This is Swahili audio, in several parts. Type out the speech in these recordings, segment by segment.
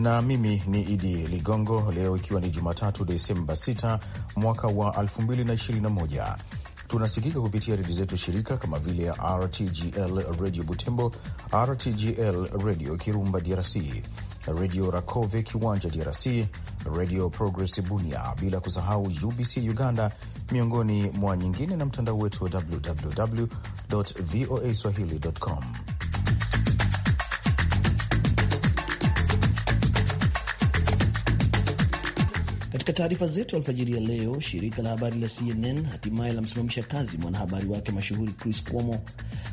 na mimi ni Idi Ligongo. Leo ikiwa ni Jumatatu, Desemba 6 mwaka wa 2021 tunasikika kupitia redio zetu shirika kama vile RTGL redio Butembo, RTGL radio Kirumba DRC, redio Rakove Kiwanja DRC, redio Progress Bunia, bila kusahau UBC Uganda, miongoni mwa nyingine, na mtandao wetu wa www voa swahili.com. Katika taarifa zetu alfajiri ya leo, shirika la habari la CNN hatimaye lamsimamisha kazi mwanahabari wake mashuhuri Chris Cuomo,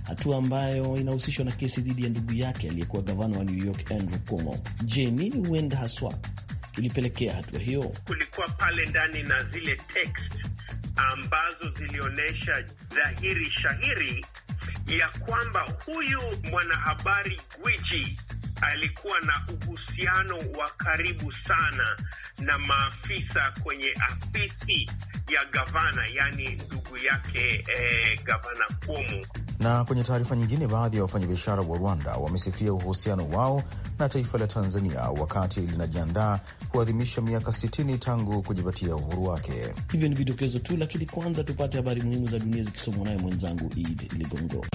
hatua ambayo inahusishwa na kesi dhidi ya ndugu yake aliyekuwa gavana wa New York Andrew Cuomo. Je, nini huenda haswa kilipelekea hatua hiyo? Kulikuwa pale ndani na zile text ambazo zilionyesha dhahiri shahiri ya kwamba huyu mwanahabari gwiji alikuwa na uhusiano wa karibu sana na maafisa kwenye afisi ya gavana, yaani ndugu yake eh, gavana Cuomo. Na kwenye taarifa nyingine, baadhi ya wafanyabiashara wa Rwanda wamesifia uhusiano wao na taifa la Tanzania wakati linajiandaa kuadhimisha miaka 60 tangu kujipatia uhuru wake. Hivyo ni vidokezo tu, lakini kwanza tupate habari muhimu za dunia zikisomwa naye mwenzangu Idi Ligongo.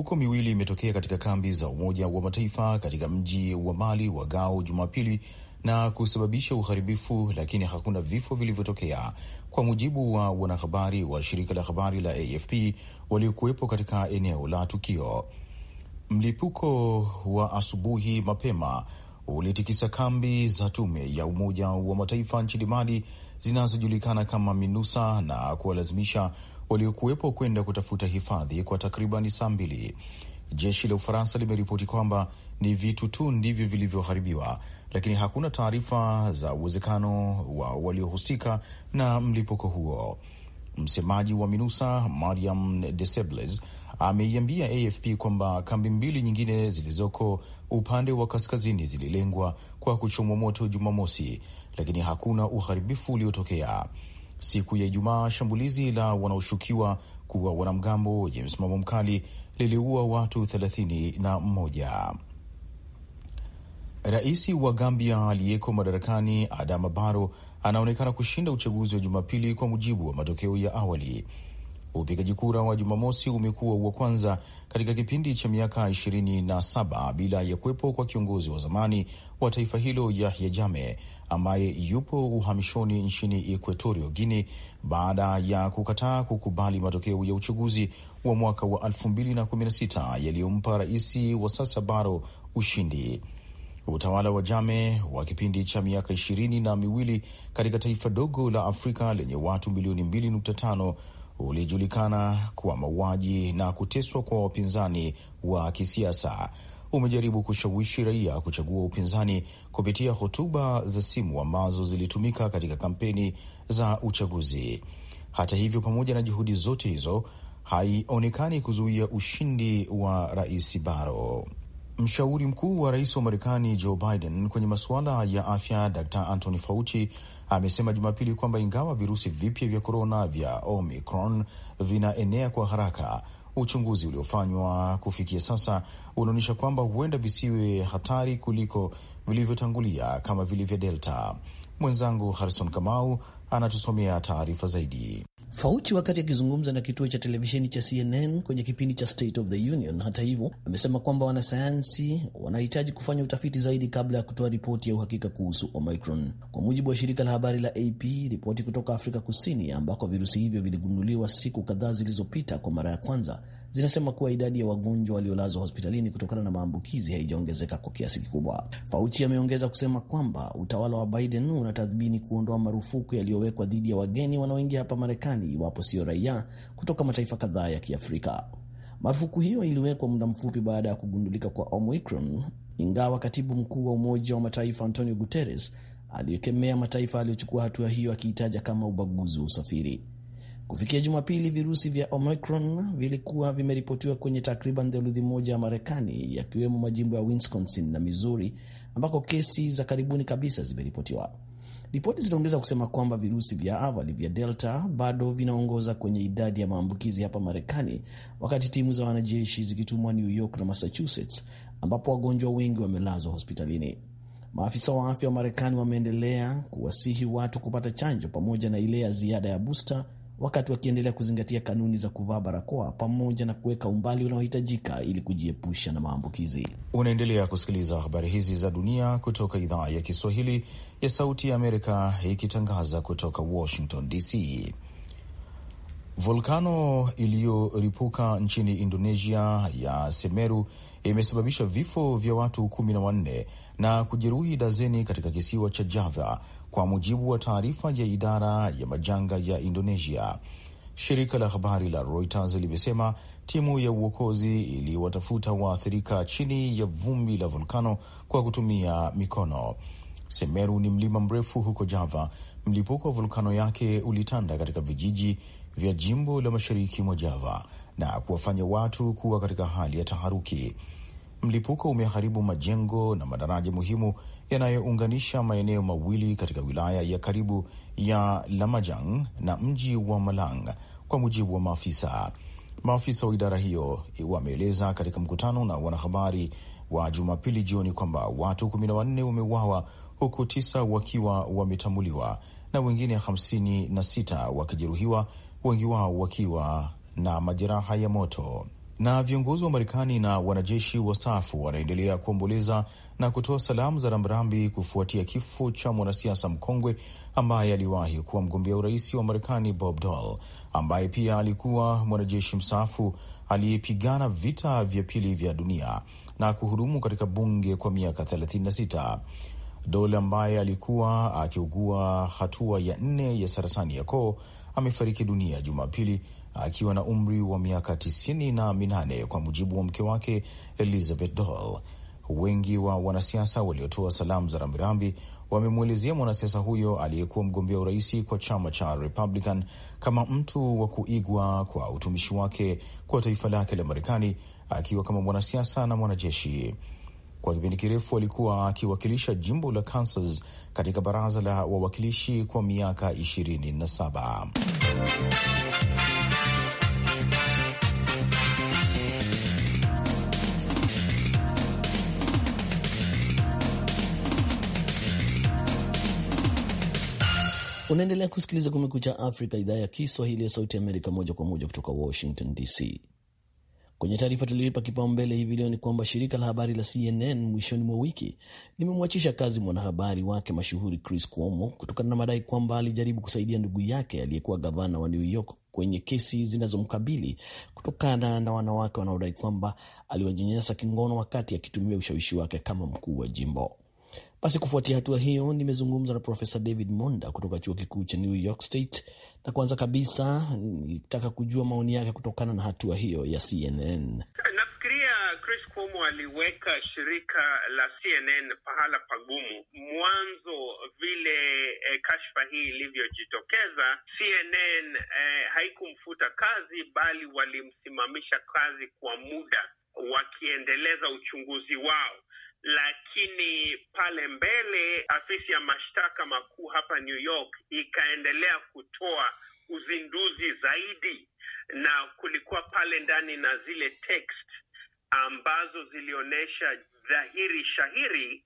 Milipuko miwili imetokea katika kambi za Umoja wa Mataifa katika mji wa Mali wa Gao Jumapili na kusababisha uharibifu, lakini hakuna vifo vilivyotokea, kwa mujibu wa wanahabari wa shirika la habari la AFP waliokuwepo katika eneo la tukio. Mlipuko wa asubuhi mapema ulitikisa kambi za tume ya Umoja wa Mataifa nchini Mali zinazojulikana kama MINUSA na kuwalazimisha waliokuwepo kwenda kutafuta hifadhi kwa takribani saa mbili. Jeshi la Ufaransa limeripoti kwamba ni vitu tu ndivyo vilivyoharibiwa, lakini hakuna taarifa za uwezekano wa waliohusika na mlipuko huo. Msemaji wa MINUSA Mariam Desebles ameiambia AFP kwamba kambi mbili nyingine zilizoko upande wa kaskazini zililengwa kwa kuchomwa moto Jumamosi, lakini hakuna uharibifu uliotokea siku ya Ijumaa, shambulizi la wanaoshukiwa kuwa wanamgambo wenye msimamo mkali liliua watu thelathini na mmoja. Rais wa Gambia aliyeko madarakani Adama Barrow anaonekana kushinda uchaguzi wa Jumapili kwa mujibu wa matokeo ya awali. Upigaji kura wa Jumamosi umekuwa wa kwanza katika kipindi cha miaka 27 bila ya kuwepo kwa kiongozi wa zamani wa taifa hilo Yahya Jammeh ambaye yupo uhamishoni nchini Equatorio Guine baada ya kukataa kukubali matokeo ya uchaguzi wa mwaka wa 2016 yaliyompa rais wa sasa Baro ushindi. Utawala wa Jame wa kipindi cha miaka ishirini na miwili katika taifa dogo la Afrika lenye watu milioni mbili nukta tano ulijulikana kwa mauaji na kuteswa kwa wapinzani wa kisiasa umejaribu kushawishi raia kuchagua upinzani kupitia hotuba za simu ambazo zilitumika katika kampeni za uchaguzi. Hata hivyo, pamoja na juhudi zote hizo, haionekani kuzuia ushindi wa Rais Barrow. Mshauri mkuu wa rais wa Marekani Joe Biden kwenye masuala ya afya, Dr Anthony Fauci amesema Jumapili kwamba ingawa virusi vipya vya korona vya Omicron vinaenea kwa haraka, uchunguzi uliofanywa kufikia sasa unaonyesha kwamba huenda visiwe hatari kuliko vilivyotangulia kama vile vya Delta. Mwenzangu Harrison Kamau anatusomea taarifa zaidi. Fauci wakati akizungumza na kituo cha televisheni cha CNN kwenye kipindi cha State of the Union, hata hivyo, amesema kwamba wanasayansi wanahitaji kufanya utafiti zaidi kabla ya kutoa ripoti ya uhakika kuhusu Omicron. Kwa mujibu wa shirika la habari la AP, ripoti kutoka Afrika Kusini ambako virusi hivyo viligunduliwa siku kadhaa zilizopita kwa mara ya kwanza zinasema kuwa idadi ya wagonjwa waliolazwa hospitalini kutokana na maambukizi haijaongezeka kwa kiasi kikubwa. Fauci ameongeza kusema kwamba utawala wa Biden unatathmini kuondoa marufuku yaliyowekwa dhidi ya wageni wanaoingia hapa Marekani iwapo sio raia kutoka mataifa kadhaa ya Kiafrika. Marufuku hiyo iliwekwa muda mfupi baada ya kugundulika kwa Omicron, ingawa katibu mkuu wa Umoja wa Mataifa Antonio Guterres aliyekemea mataifa aliyochukua hatua hiyo akiitaja kama ubaguzi wa usafiri. Kufikia Jumapili, virusi vya Omicron vilikuwa vimeripotiwa kwenye takriban theluthi moja ya Marekani, yakiwemo majimbo ya Wisconsin na Missouri ambako kesi za karibuni kabisa zimeripotiwa. Ripoti zinaongeza kusema kwamba virusi vya awali vya Delta bado vinaongoza kwenye idadi ya maambukizi hapa Marekani, wakati timu za wanajeshi zikitumwa New York na Massachusetts, ambapo wagonjwa wengi wamelazwa hospitalini. Maafisa wa afya wa Marekani wameendelea kuwasihi watu kupata chanjo pamoja na ile ya ziada ya busta wakati wakiendelea kuzingatia kanuni za kuvaa barakoa pamoja na kuweka umbali unaohitajika ili kujiepusha na maambukizi. Unaendelea kusikiliza habari hizi za dunia kutoka idhaa ya Kiswahili ya Sauti ya Amerika ikitangaza kutoka Washington DC. Volkano iliyoripuka nchini Indonesia ya Semeru imesababisha vifo vya watu kumi na wanne na kujeruhi dazeni katika kisiwa cha Java kwa mujibu wa taarifa ya idara ya majanga ya Indonesia. Shirika la habari la Reuters limesema timu ya uokozi iliwatafuta waathirika chini ya vumbi la volkano kwa kutumia mikono. Semeru ni mlima mrefu huko Java. Mlipuko wa volkano yake ulitanda katika vijiji vya jimbo la mashariki mwa Java na kuwafanya watu kuwa katika hali ya taharuki. Mlipuko umeharibu majengo na madaraja muhimu yanayounganisha maeneo mawili katika wilaya ya karibu ya Lamajang na mji wa Malang, kwa mujibu wa maafisa. Maafisa wa idara hiyo wameeleza katika mkutano na wanahabari wa Jumapili jioni kwamba watu kumi na wanne wameuawa huku tisa wakiwa wametambuliwa na wengine hamsini na sita wakijeruhiwa, wengi wao wakiwa na majeraha ya moto na viongozi wa Marekani na wanajeshi wastaafu wanaendelea kuomboleza na kutoa salamu za rambirambi kufuatia kifo cha mwanasiasa mkongwe ambaye aliwahi kuwa mgombea urais wa Marekani, Bob Dole, ambaye pia alikuwa mwanajeshi mstaafu aliyepigana vita vya pili vya dunia na kuhudumu katika bunge kwa miaka 36. Dole ambaye alikuwa akiugua hatua ya nne ya saratani ya koo amefariki dunia Jumapili akiwa na umri wa miaka tisini na minane kwa mujibu wa mke wake Elizabeth Dol. Wengi wa wanasiasa waliotoa salamu za rambirambi wamemwelezea mwanasiasa huyo aliyekuwa mgombea uraisi kwa chama cha Republican kama mtu wa kuigwa kwa utumishi wake kwa taifa lake la Marekani, akiwa kama mwanasiasa na mwanajeshi. Kwa kipindi kirefu alikuwa akiwakilisha jimbo la Kansas katika baraza la wawakilishi kwa miaka 27. Unaendelea kusikiliza Kumekucha Afrika, idhaa ya Kiswahili ya Sauti Amerika, moja kwa moja kutoka Washington DC. Kwenye taarifa tuliyoipa kipaumbele hivi leo ni kwamba shirika la habari la CNN mwishoni mwa wiki limemwachisha kazi mwanahabari wake mashuhuri Chris Cuomo kutokana na madai kwamba alijaribu kusaidia ndugu yake aliyekuwa gavana wa New York kwenye kesi zinazomkabili kutokana na wanawake wanaodai kwamba aliwanyanyasa kingono wakati akitumia ushawishi wake kama mkuu wa jimbo. Basi kufuatia hatua hiyo, nimezungumza na Profesa David Monda kutoka chuo kikuu cha New York State, na kwanza kabisa nitaka kujua maoni yake kutokana na hatua hiyo ya CNN. Cuomo aliweka shirika la CNN pahala pagumu mwanzo. Vile eh, kashfa hii ilivyojitokeza, CNN eh, haikumfuta kazi, bali walimsimamisha kazi kwa muda wakiendeleza uchunguzi wao lakini pale mbele afisi ya mashtaka makuu hapa New York ikaendelea kutoa uzinduzi zaidi, na kulikuwa pale ndani na zile text ambazo zilionyesha dhahiri shahiri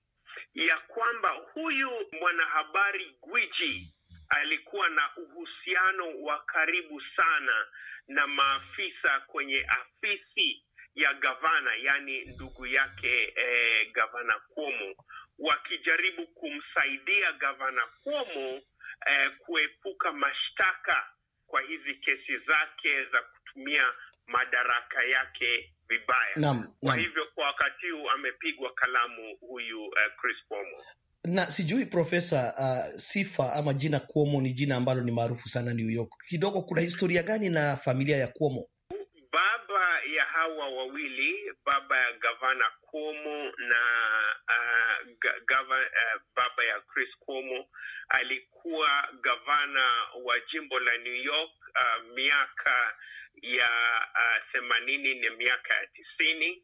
ya kwamba huyu mwanahabari gwiji alikuwa na uhusiano wa karibu sana na maafisa kwenye afisi ya gavana, yaani ndugu yake eh, gavana Cuomo wakijaribu kumsaidia gavana Cuomo eh, kuepuka mashtaka kwa hizi kesi zake za kutumia madaraka yake vibaya. Naam, kwa hivyo kwa wakati huu amepigwa kalamu huyu eh, Chris Cuomo na sijui Profesa, uh, sifa ama jina Cuomo ni jina ambalo ni maarufu sana New York. Kidogo kuna historia gani na familia ya Cuomo? baba ya hawa wawili, baba ya gavana Cuomo na uh, gava, uh, baba ya Chris Cuomo alikuwa gavana wa jimbo la New York uh, miaka ya ah, themanini uh, na miaka ya tisini.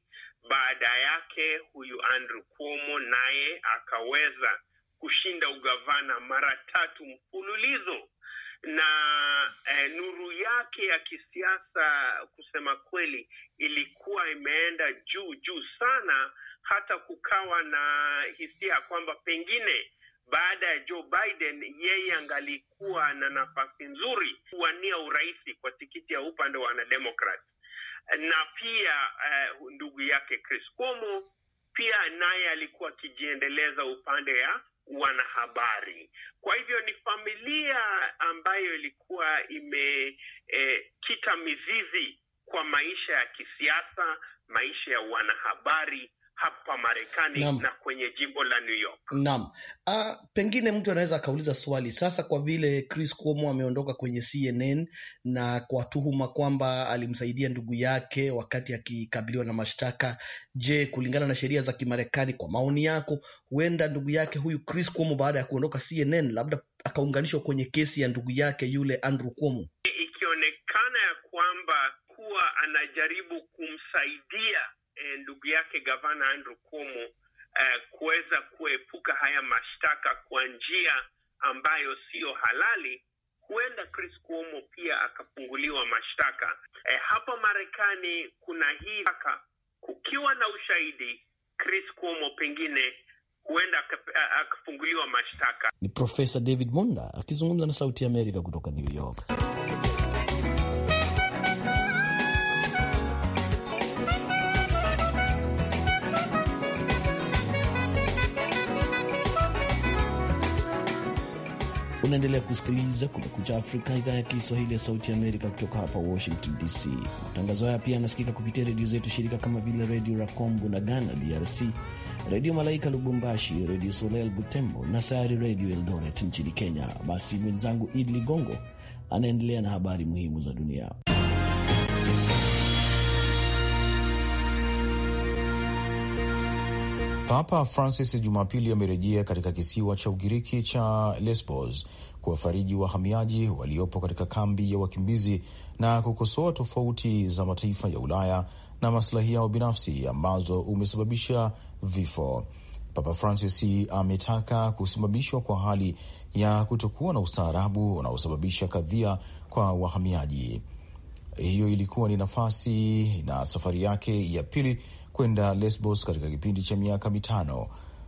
Baada yake huyu Andrew Cuomo naye akaweza kushinda ugavana mara tatu mfululizo na eh, nuru yake ya kisiasa kusema kweli ilikuwa imeenda juu juu sana, hata kukawa na hisia kwamba pengine baada ya Joe Biden yeye angalikuwa na nafasi nzuri kuwania urahisi kwa tikiti ya upande wa wanademokrat, na pia eh, ndugu yake Chris Cuomo pia naye alikuwa akijiendeleza upande ya wanahabari. Kwa hivyo ni familia ambayo ilikuwa imekita eh, mizizi kwa maisha ya kisiasa, maisha ya wanahabari hapa Marekani na, na kwenye jimbo la New York. Naam. Ah, pengine mtu anaweza akauliza swali sasa, kwa vile Chris Cuomo ameondoka kwenye CNN na kwa tuhuma kwamba alimsaidia ndugu yake wakati akikabiliwa na mashtaka. Je, kulingana na sheria za Kimarekani, kwa maoni yako, huenda ndugu yake huyu Chris Cuomo baada ya kuondoka CNN labda akaunganishwa kwenye kesi ya ndugu yake yule Andrew Cuomo, ikionekana ya kwamba kuwa anajaribu kumsaidia eh, ndugu yake gavana Andrew Cuomo eh, kuweza kuepuka haya mashtaka kwa njia ambayo siyo halali, huenda Chris Cuomo pia akafunguliwa mashtaka eh. Hapa Marekani kuna hii taka, kukiwa na ushahidi Chris Cuomo pengine huenda eh, akafunguliwa mashtaka. Ni Profesa David Munda akizungumza na Sauti ya Amerika kutoka New York. Unaendelea kusikiliza Kumekucha Afrika, idhaa ya Kiswahili ya Sauti ya Amerika kutoka hapa Washington DC. Matangazo haya pia yanasikika kupitia redio zetu shirika kama vile Redio racombo na Ghana DRC, Redio Malaika Lubumbashi, Redio Soleil Butembo na Sayari Redio Eldoret nchini Kenya. Basi mwenzangu Idi Ligongo anaendelea na habari muhimu za dunia. Papa Francis Jumapili amerejea katika kisiwa cha Ugiriki cha Lesbos kuwafariji wahamiaji waliopo katika kambi ya wakimbizi na kukosoa tofauti za mataifa ya Ulaya na maslahi yao binafsi ambazo umesababisha vifo. Papa Francis ametaka kusimamishwa kwa hali ya kutokuwa na ustaarabu unaosababisha kadhia kwa wahamiaji. Hiyo ilikuwa ni nafasi na safari yake ya pili kwenda Lesbos katika kipindi cha miaka mitano.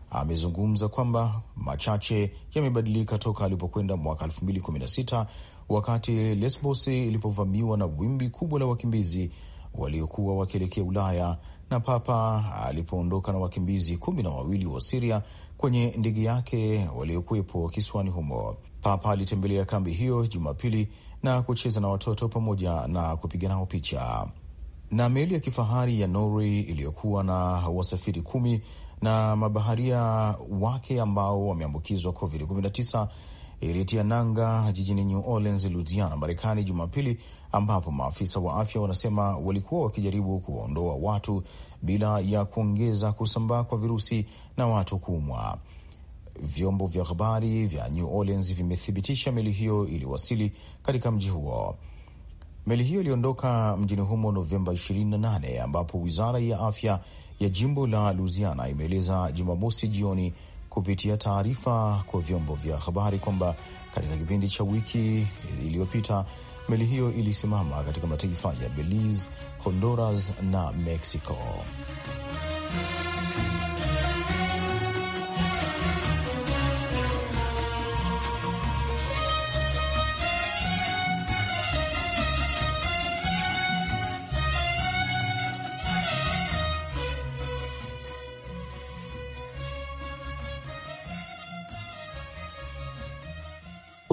Amezungumza kwamba machache yamebadilika toka alipokwenda mwaka 2016 wakati Lesbos ilipovamiwa na wimbi kubwa la wakimbizi waliokuwa wakielekea Ulaya na Papa alipoondoka na wakimbizi kumi na wawili wa Siria kwenye ndege yake waliokuwepo kisiwani humo. Papa alitembelea kambi hiyo Jumapili na kucheza na watoto pamoja na kupiga nao picha. Na meli ya kifahari ya Norway iliyokuwa na wasafiri kumi na mabaharia wake ambao wameambukizwa COVID-19 ilitia nanga jijini New Orleans, Louisiana, Marekani Jumapili, ambapo maafisa wa afya wanasema walikuwa wakijaribu kuwaondoa watu bila ya kuongeza kusambaa kwa virusi na watu kuumwa. Vyombo vya habari vya New Orleans vimethibitisha meli hiyo iliwasili katika mji huo. Meli hiyo iliondoka mjini humo Novemba 28 ambapo wizara ya afya ya jimbo la Louisiana imeeleza Jumamosi jioni kupitia taarifa kwa vyombo vya habari kwamba katika kipindi cha wiki iliyopita meli hiyo ilisimama katika mataifa ya Belize, Honduras na Mexico.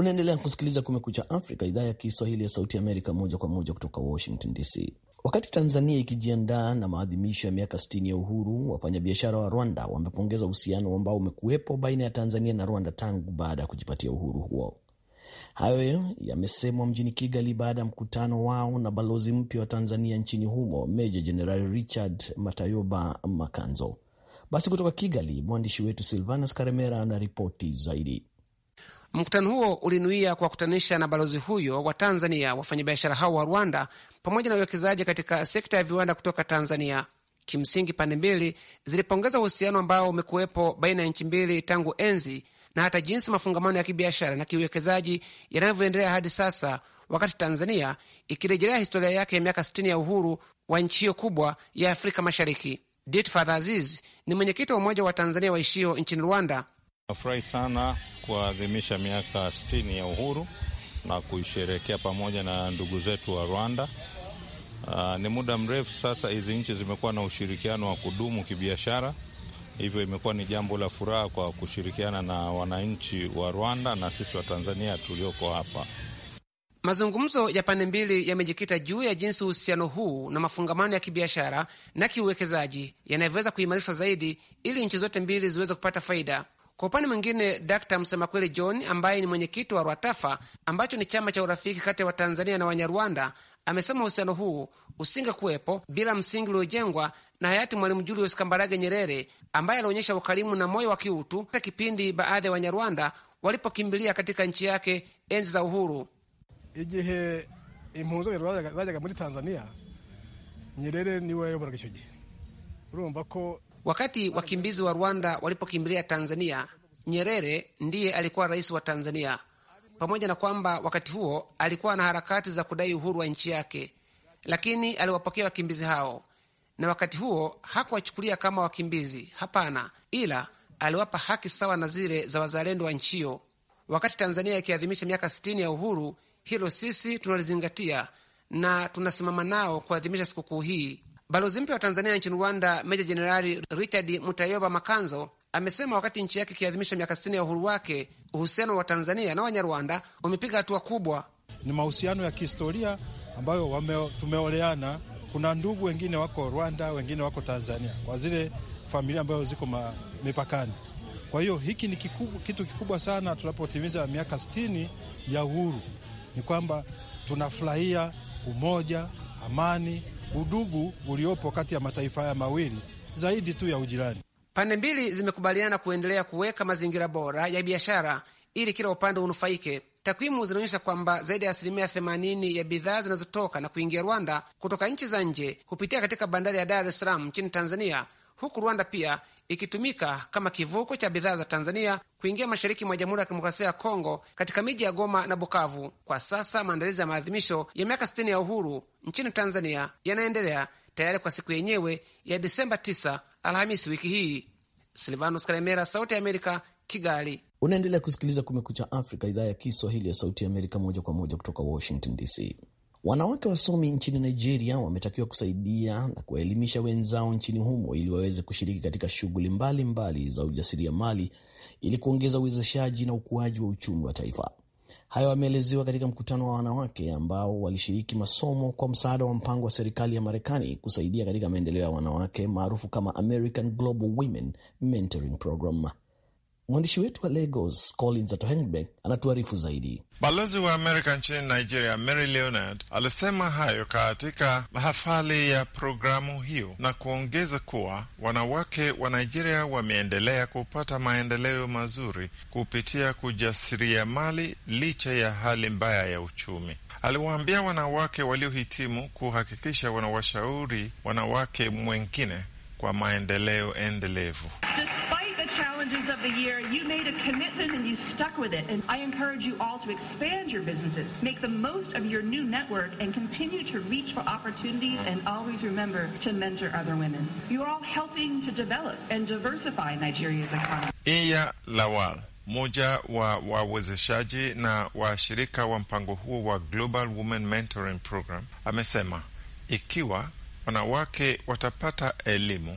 Unaendelea kusikiliza Kumekucha Afrika, idhaa ya Kiswahili ya Sauti Amerika, moja kwa moja kutoka Washington DC. Wakati Tanzania ikijiandaa na maadhimisho ya miaka 60 ya uhuru, wafanyabiashara wa Rwanda wamepongeza uhusiano ambao umekuwepo baina ya Tanzania na Rwanda tangu baada ya kujipatia uhuru huo. Hayo yamesemwa mjini Kigali baada ya mkutano wao na balozi mpya wa Tanzania nchini humo, Meja Jenerali Richard Matayoba Makanzo. Basi kutoka Kigali, mwandishi wetu Silvanus Karemera ana ripoti zaidi. Mkutano huo ulinuia kuwakutanisha na balozi huyo wa Tanzania wafanyabiashara hao wa Rwanda pamoja na uwekezaji katika sekta ya viwanda kutoka Tanzania. Kimsingi, pande mbili zilipongeza uhusiano ambao umekuwepo baina ya nchi mbili tangu enzi na hata jinsi mafungamano ya kibiashara na kiuwekezaji yanavyoendelea hadi sasa, wakati Tanzania ikirejelea historia yake ya miaka 60 ya uhuru wa nchi hiyo kubwa ya Afrika Mashariki. Dit Father Aziz ni mwenyekiti wa Umoja wa Tanzania waishio nchini Rwanda Nafurahi sana kuadhimisha miaka sitini ya uhuru na kuisherekea pamoja na ndugu zetu wa Rwanda. Uh, ni muda mrefu sasa hizi nchi zimekuwa na ushirikiano wa kudumu kibiashara, hivyo imekuwa ni jambo la furaha kwa kushirikiana na wananchi wa Rwanda na sisi wa Tanzania tulioko hapa. Mazungumzo ya pande mbili yamejikita juu ya jinsi uhusiano huu na mafungamano ya kibiashara na kiuwekezaji yanavyoweza kuimarishwa zaidi ili nchi zote mbili ziweze kupata faida kwa upande mwingine, Dkt Msema Kweli John ambaye ni mwenyekiti wa RWATAFA ambacho ni chama cha urafiki kati ya Watanzania na Wanyarwanda amesema uhusiano huu usinge kuwepo bila msingi uliojengwa na hayati Mwalimu Julius Kambarage Nyerere ambaye alionyesha ukarimu na moyo wa kiutu hata kipindi baadhi ya Wanyarwanda walipokimbilia katika nchi yake enzi za uhuru. Igihe impunzi zajaga muri Tanzania Nyerere niwe yayoboraga icyo gihe urumva ko Wakati wakimbizi wa Rwanda walipokimbilia Tanzania, Nyerere ndiye alikuwa rais wa Tanzania, pamoja na kwamba wakati huo alikuwa na harakati za kudai uhuru wa nchi yake, lakini aliwapokea wakimbizi hao, na wakati huo hakuwachukulia kama wakimbizi. Hapana, ila aliwapa haki sawa na zile za wazalendo wa nchi hiyo. Wakati Tanzania ikiadhimisha miaka 60 ya uhuru, hilo sisi tunalizingatia na tunasimama nao kuadhimisha sikukuu hii. Balozi mpya wa Tanzania nchini Rwanda, Meja Jenerali Richard Mutayoba Makanzo, amesema wakati nchi yake ikiadhimisha miaka 60 ya uhuru wake, uhusiano wa Tanzania na Wanyarwanda umepiga hatua kubwa. Ni mahusiano ya kihistoria ambayo wame, tumeoleana. Kuna ndugu wengine wako Rwanda, wengine wako Tanzania, kwa zile familia ambazo ziko ma, mipakani. Kwa hiyo hiki ni kikubu, kitu kikubwa sana. Tunapotimiza miaka 60 ya uhuru, ni kwamba tunafurahia umoja, amani udugu uliopo kati ya mataifa haya mawili zaidi tu ya ujirani. Pande mbili zimekubaliana kuendelea kuweka mazingira bora ya biashara ili kila upande unufaike. Takwimu zinaonyesha kwamba zaidi ya asilimia 80 ya bidhaa zinazotoka na kuingia Rwanda kutoka nchi za nje hupitia katika bandari ya Dar es Salaam nchini Tanzania, huku Rwanda pia ikitumika kama kivuko cha bidhaa za Tanzania kuingia mashariki mwa Jamhuri ya Kidemokrasia ya Kongo katika miji ya Goma na Bukavu. Kwa sasa maandalizi ya maadhimisho ya miaka 60 ya uhuru nchini Tanzania yanaendelea tayari kwa siku yenyewe ya Disemba 9, Alhamisi wiki hii. Silvanus Kalemera, Sauti ya Amerika, Kigali. Unaendelea kusikiliza Kumekucha Afrika, idhaa ya Kiswahili ya Sauti ya Amerika, moja kwa moja kutoka Washington DC. Wanawake wasomi nchini Nigeria wametakiwa kusaidia na kuwaelimisha wenzao nchini humo ili waweze kushiriki katika shughuli mbalimbali za ujasiriamali ili kuongeza uwezeshaji na ukuaji wa uchumi wa taifa. Hayo wameelezewa katika mkutano wa wanawake ambao walishiriki masomo kwa msaada wa mpango wa serikali ya Marekani kusaidia katika maendeleo ya wanawake maarufu kama American Global Women Mentoring Program. Mwandishi wetu wa Lagos, Collins Atohengbek, anatuarifu zaidi. Balozi wa Amerika nchini Nigeria, Mary Leonard, alisema hayo katika mahafali ya programu hiyo na kuongeza kuwa wanawake wa Nigeria wameendelea kupata maendeleo mazuri kupitia kujasiriamali licha ya hali mbaya ya uchumi. Aliwaambia wanawake waliohitimu kuhakikisha wanawashauri wanawake mwengine kwa maendeleo endelevu Despite challenges of the year, you made a commitment and you stuck with it. And I encourage you all to expand your businesses, make the most of your new network, and continue to reach for opportunities and always remember to mentor other women. You are all helping to develop and diversify Nigeria's economy. Lawal moja wa wawezeshaji na washirika wa mpango huo wa Global Women Mentoring Program amesema ikiwa wanawake watapata elimu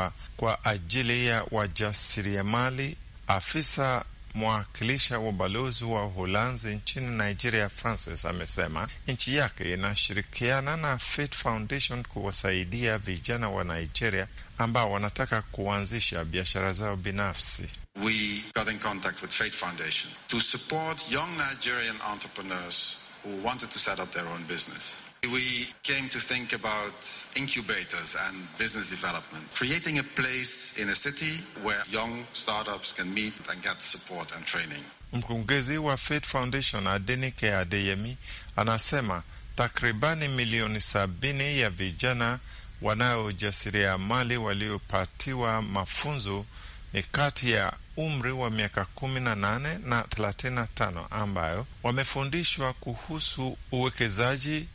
kwa ajili ya wajasiriamali. Afisa mwakilisha ubalozi wa Uholanzi nchini Nigeria, Francis, amesema nchi yake inashirikiana na Fit Foundation kuwasaidia vijana wa Nigeria ambao wanataka kuanzisha biashara zao binafsi. We got in contact with Foundation to support young Nigerian entrepreneurs who wanted to set up their own business. We came to think about incubators and business development, creating a place in a city where young startups can meet and get support and training. Mkurugenzi wa Faith Foundation Adenike Adeyemi anasema takribani milioni sabini ya vijana wanaojasiriamali waliopatiwa mafunzo ni kati ya umri wa miaka kumi na nane na thelathini na tano ambayo wamefundishwa kuhusu uwekezaji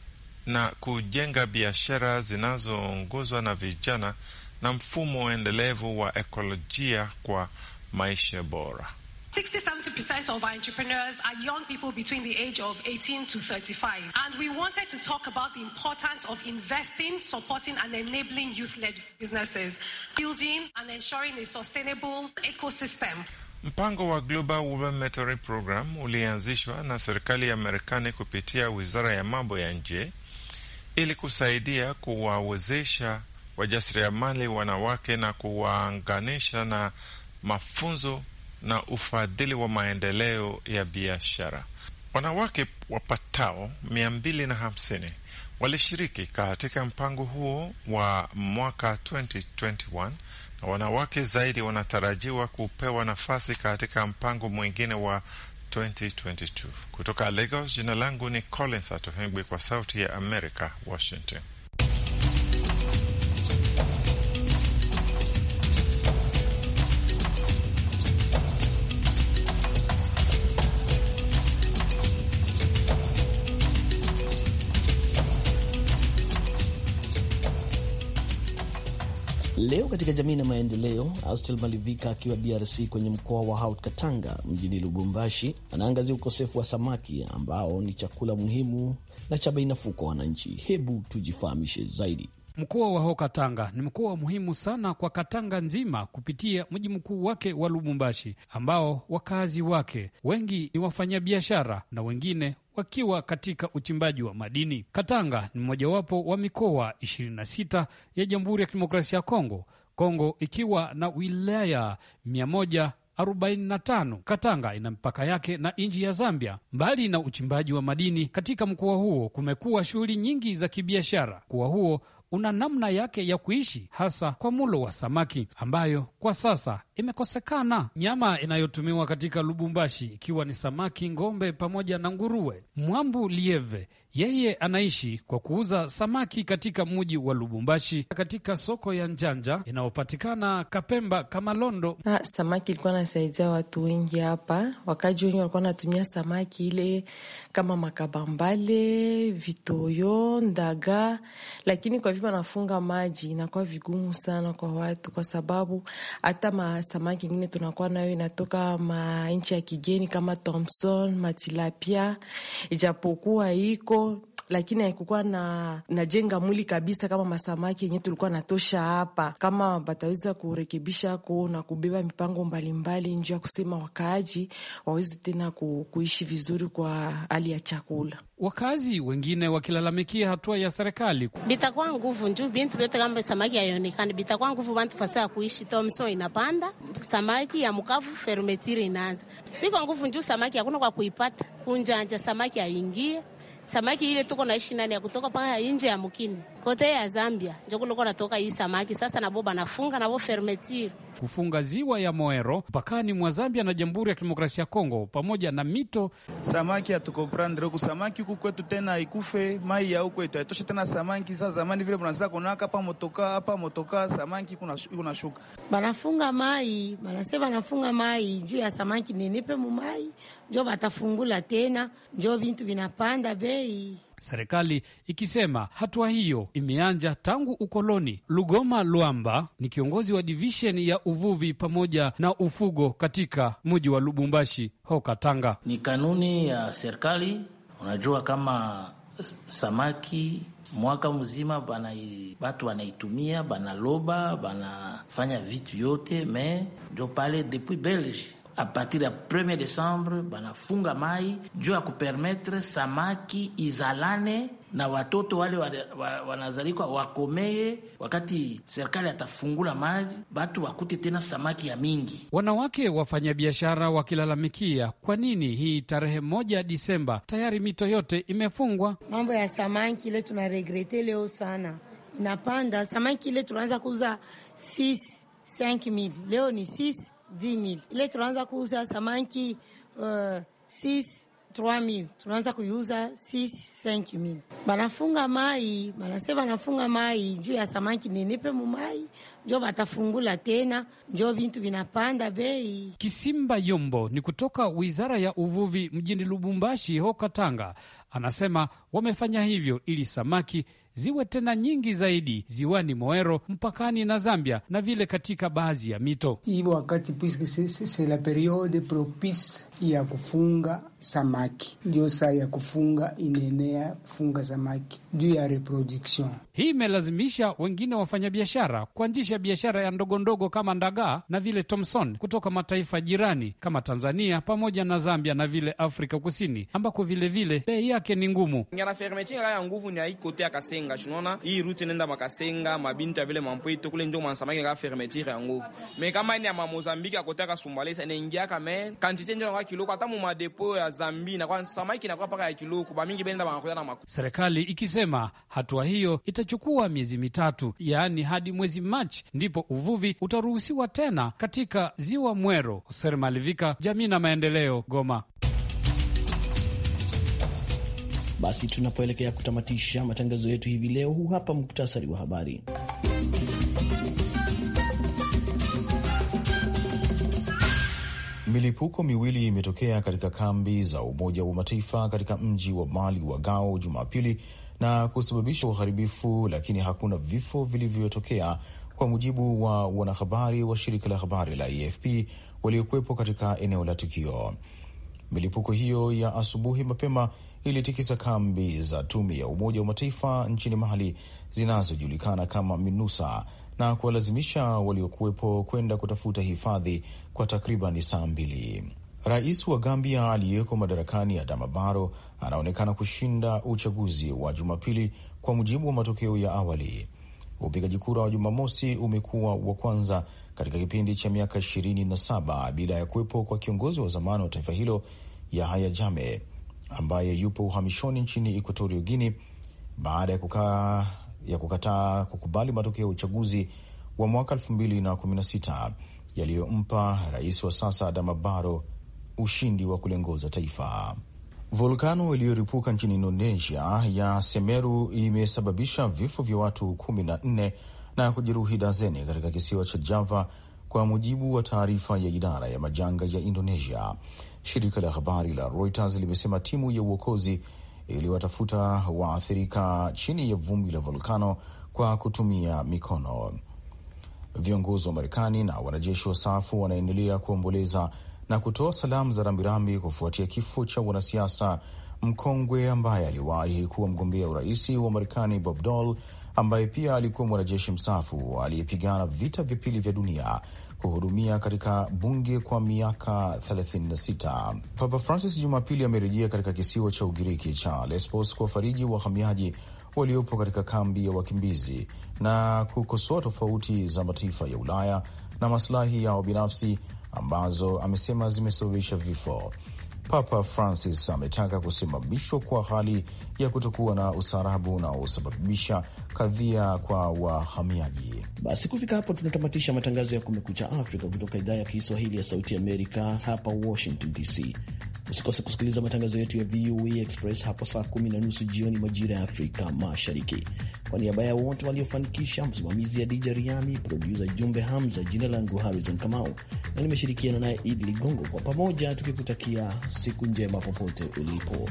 na kujenga biashara zinazoongozwa na vijana na mfumo endelevu wa ekolojia kwa maisha bora. 60-70% of our entrepreneurs are young people between the age of 18 to 35. And we wanted to talk about the importance of investing, supporting and enabling youth-led businesses, building and ensuring a sustainable ecosystem. Mpango wa Global Women Mentoring Program ulianzishwa na serikali ya Marekani kupitia Wizara ya Mambo ya Nje ili kusaidia kuwawezesha wajasiriamali wanawake na kuwaanganisha na mafunzo na ufadhili wa maendeleo ya biashara. Wanawake wapatao mia mbili na hamsini walishiriki katika mpango huo wa mwaka 2021 na wanawake zaidi wanatarajiwa kupewa nafasi katika mpango mwingine wa 2022. Kutoka Lagos, jina langu ni Collins Atohengwi, kwa Sauti ya america Washington. Leo katika jamii na maendeleo, Astel Malivika akiwa DRC kwenye mkoa wa Haut Katanga mjini Lubumbashi, anaangazia ukosefu wa samaki ambao ni chakula muhimu na cha bei nafuu kwa wananchi. Hebu tujifahamishe zaidi. Mkoa wa Hoka Tanga ni mkoa muhimu sana kwa Katanga nzima kupitia mji mkuu wake wa Lubumbashi, ambao wakazi wake wengi ni wafanyabiashara na wengine wakiwa katika uchimbaji wa madini. Katanga ni mmojawapo wa mikoa 26 ya Jamhuri ya Kidemokrasia ya Kongo, Kongo ikiwa na wilaya 145. Katanga ina mipaka yake na nchi ya Zambia. Mbali na uchimbaji wa madini katika mkoa huo, kumekuwa shughuli nyingi za kibiashara. Mkoa huo una namna yake ya kuishi, hasa kwa mulo wa samaki ambayo kwa sasa imekosekana. Nyama inayotumiwa katika Lubumbashi ikiwa ni samaki, ngombe pamoja na nguruwe. Mwambu Lieve yeye anaishi kwa kuuza samaki katika mji wa Lubumbashi katika soko ya Njanja inayopatikana Kapemba Kamalondo. Ha, samaki ilikuwa nasaidia watu wengi hapa, wakaji wengi walikuwa natumia samaki ile kama makabambale, vitoyo, ndaga, lakini kwa vipi wanafunga maji inakuwa vigumu sana kwa watu, kwa sababu hata samaki ingine tunakuwa nayo inatoka manchi ya kigeni kama Thompson, matilapia, ijapokuwa iko lakini haikukuwa na najenga mwili kabisa kama masamaki yenye tulikuwa natosha hapa, kama bataweza kurekebisha ko na kubeba mipango mbalimbali njuu ya kusema wakaaji waweze tena ku, kuishi vizuri kwa hali ya chakula. Wakazi wengine wakilalamikia hatua ya serikali bitakwa nguvu njuu bintu vyote kama samaki haionekani, bitakwa nguvu bantu fasa ya kuishi. tomso inapanda samaki ya mkavu, ferumetiri inaanza piko nguvu njuu samaki hakuna kwa kuipata kunjanja, samaki aingie samaki ile tuko naishi ndani ya kutoka mpaka nje ya mkini kote ya Zambia njo kulikuwa natoka hii samaki sasa, nabo banafunga nabo fermeture kufunga ziwa ya Moero mpakani mwa Zambia na Jamhuri ya Kidemokrasia ya Kongo pamoja na mito. Samaki hatukomprendre huku, samaki huku kwetu tena ikufe mai ya huku kwetu haitoshe tena samaki. Sasa zamani vile mnaanza kunaka hapa motoka hapa motoka, samaki kuna shuka banafunga mai, banasema banafunga mai juu ya samaki, nenipe mu mai njo batafungula tena, njo bintu binapanda bei serikali ikisema hatua hiyo imeanja tangu ukoloni. Lugoma Lwamba ni kiongozi wa divisheni ya uvuvi pamoja na ufugo katika mji wa Lubumbashi, Hoka Tanga. Ni kanuni ya serikali, unajua kama samaki mwaka mzima bana batu wanaitumia banaloba, banafanya vitu yote me njo pale depuis Belge partir ya 1er Desembre banafunga mai juu ya kupermetre samaki izalane na watoto wale wanazalikwa wakomeye, wakati serikali atafungula maji, batu wakute tena samaki ya mingi. Wanawake wafanyabiashara wakilalamikia kwa nini hii tarehe moja Disemba tayari mito yote imefungwa. Mambo ya samaki ile tunaregrete leo sana, inapanda samaki ile tunaanza kuuza 6 5000 leo ni 6 10000 ile tunaanza kuuza samaki uh, 6 3000 tunaanza kuuza 6 5000 banafunga mai, banasema banafunga mai juu ya samaki, ninipe mumai njo batafungula tena, njo bintu vinapanda bei. Kisimba Yombo ni kutoka wizara ya uvuvi mjini Lubumbashi ho Katanga, anasema wamefanya hivyo ili samaki ziwe tena nyingi zaidi ziwani Moero, mpakani na Zambia na vile katika baadhi ya mito hivyo, wakati puisque c'est la periode propice ya kufunga samaki, ndio saa ya kufunga, inaenea kufunga samaki juu ya reproduction hii imelazimisha wengine wafanyabiashara kuanzisha biashara ya ndogondogo kama ndagaa na vile Thomson kutoka mataifa jirani kama Tanzania pamoja na Zambia na vile Afrika Kusini, ambako vilevile bei yake ni ngumu. ngana nguvu ni aikote ya Kasenga, hii nenda makasenga ya vile mampwito kule mwansamaki ya nguvu me kama ya akote ya hata ya na kwa samaki paka ya benda na Serikali ikisema hatua hiyo ita itachukua miezi mitatu, yaani hadi mwezi Machi ndipo uvuvi utaruhusiwa tena katika ziwa Mwero. Hoser Malivika, Jamii na Maendeleo, Goma. Basi tunapoelekea kutamatisha matangazo yetu hivi leo, huu hapa muktasari wa habari. Milipuko miwili imetokea katika kambi za Umoja wa Mataifa katika mji wa Mali wa Gao Jumapili na kusababisha uharibifu, lakini hakuna vifo vilivyotokea, kwa mujibu wa wanahabari wa shirika la habari la AFP waliokuwepo katika eneo la tukio. Milipuko hiyo ya asubuhi mapema ilitikisa kambi za tume ya Umoja wa Mataifa nchini Mali zinazojulikana kama MINUSA na kuwalazimisha waliokuwepo kwenda kutafuta hifadhi kwa takribani saa mbili. Rais wa Gambia aliyeko madarakani Adama Baro anaonekana kushinda uchaguzi wa Jumapili kwa mujibu wa matokeo ya awali. Upigaji kura wa Jumamosi umekuwa wa kwanza katika kipindi cha miaka ishirini na saba bila ya kuwepo kwa kiongozi wa zamani wa taifa hilo Yahya Jame ambaye yupo uhamishoni nchini Equatorio guini baada ya kukaa ya kukataa kukubali matokeo ya uchaguzi wa mwaka 2016 yaliyompa rais wa sasa Adama Baro ushindi wa kulengoza taifa. Volkano iliyoripuka nchini Indonesia ya Semeru imesababisha vifo vya watu kumi na nne na kujeruhi dazeni katika kisiwa cha Java, kwa mujibu wa taarifa ya idara ya majanga ya Indonesia. Shirika la habari la Reuters limesema timu ya uokozi iliwatafuta waathirika chini ya vumbi la volkano kwa kutumia mikono. Viongozi wa Marekani na wanajeshi wa staafu wanaendelea kuomboleza na kutoa salamu za rambirambi kufuatia kifo cha wanasiasa mkongwe ambaye aliwahi kuwa mgombea urais wa Marekani, Bob Dole, ambaye pia alikuwa mwanajeshi mstaafu aliyepigana vita vya pili vya dunia kuhudumia katika bunge kwa miaka 36. Papa Francis Jumapili amerejea katika kisiwa cha Ugiriki cha Lesbos kuwafariji wahamiaji waliopo katika kambi ya wakimbizi na kukosoa tofauti za mataifa ya Ulaya na masilahi yao binafsi ambazo amesema zimesababisha vifo. Papa Francis ametaka kusimamishwa kwa hali ya kutokuwa na ustaarabu unaosababisha kadhia kwa wahamiaji. Basi kufika hapo, tunatamatisha matangazo ya Kumekucha Afrika kutoka idhaa ya Kiswahili ya Sauti Amerika hapa Washington DC. Usikose kusikiliza matangazo yetu ya VOA Express hapo saa kumi na nusu jioni majira ya Afrika Mashariki. Kwa niaba ya wote waliofanikisha, msimamizi ya DJ Riami, produsa Jumbe Hamza, jina langu Harrison Kamau na nimeshirikiana naye Idi Ligongo, kwa pamoja tukikutakia siku njema popote ulipo.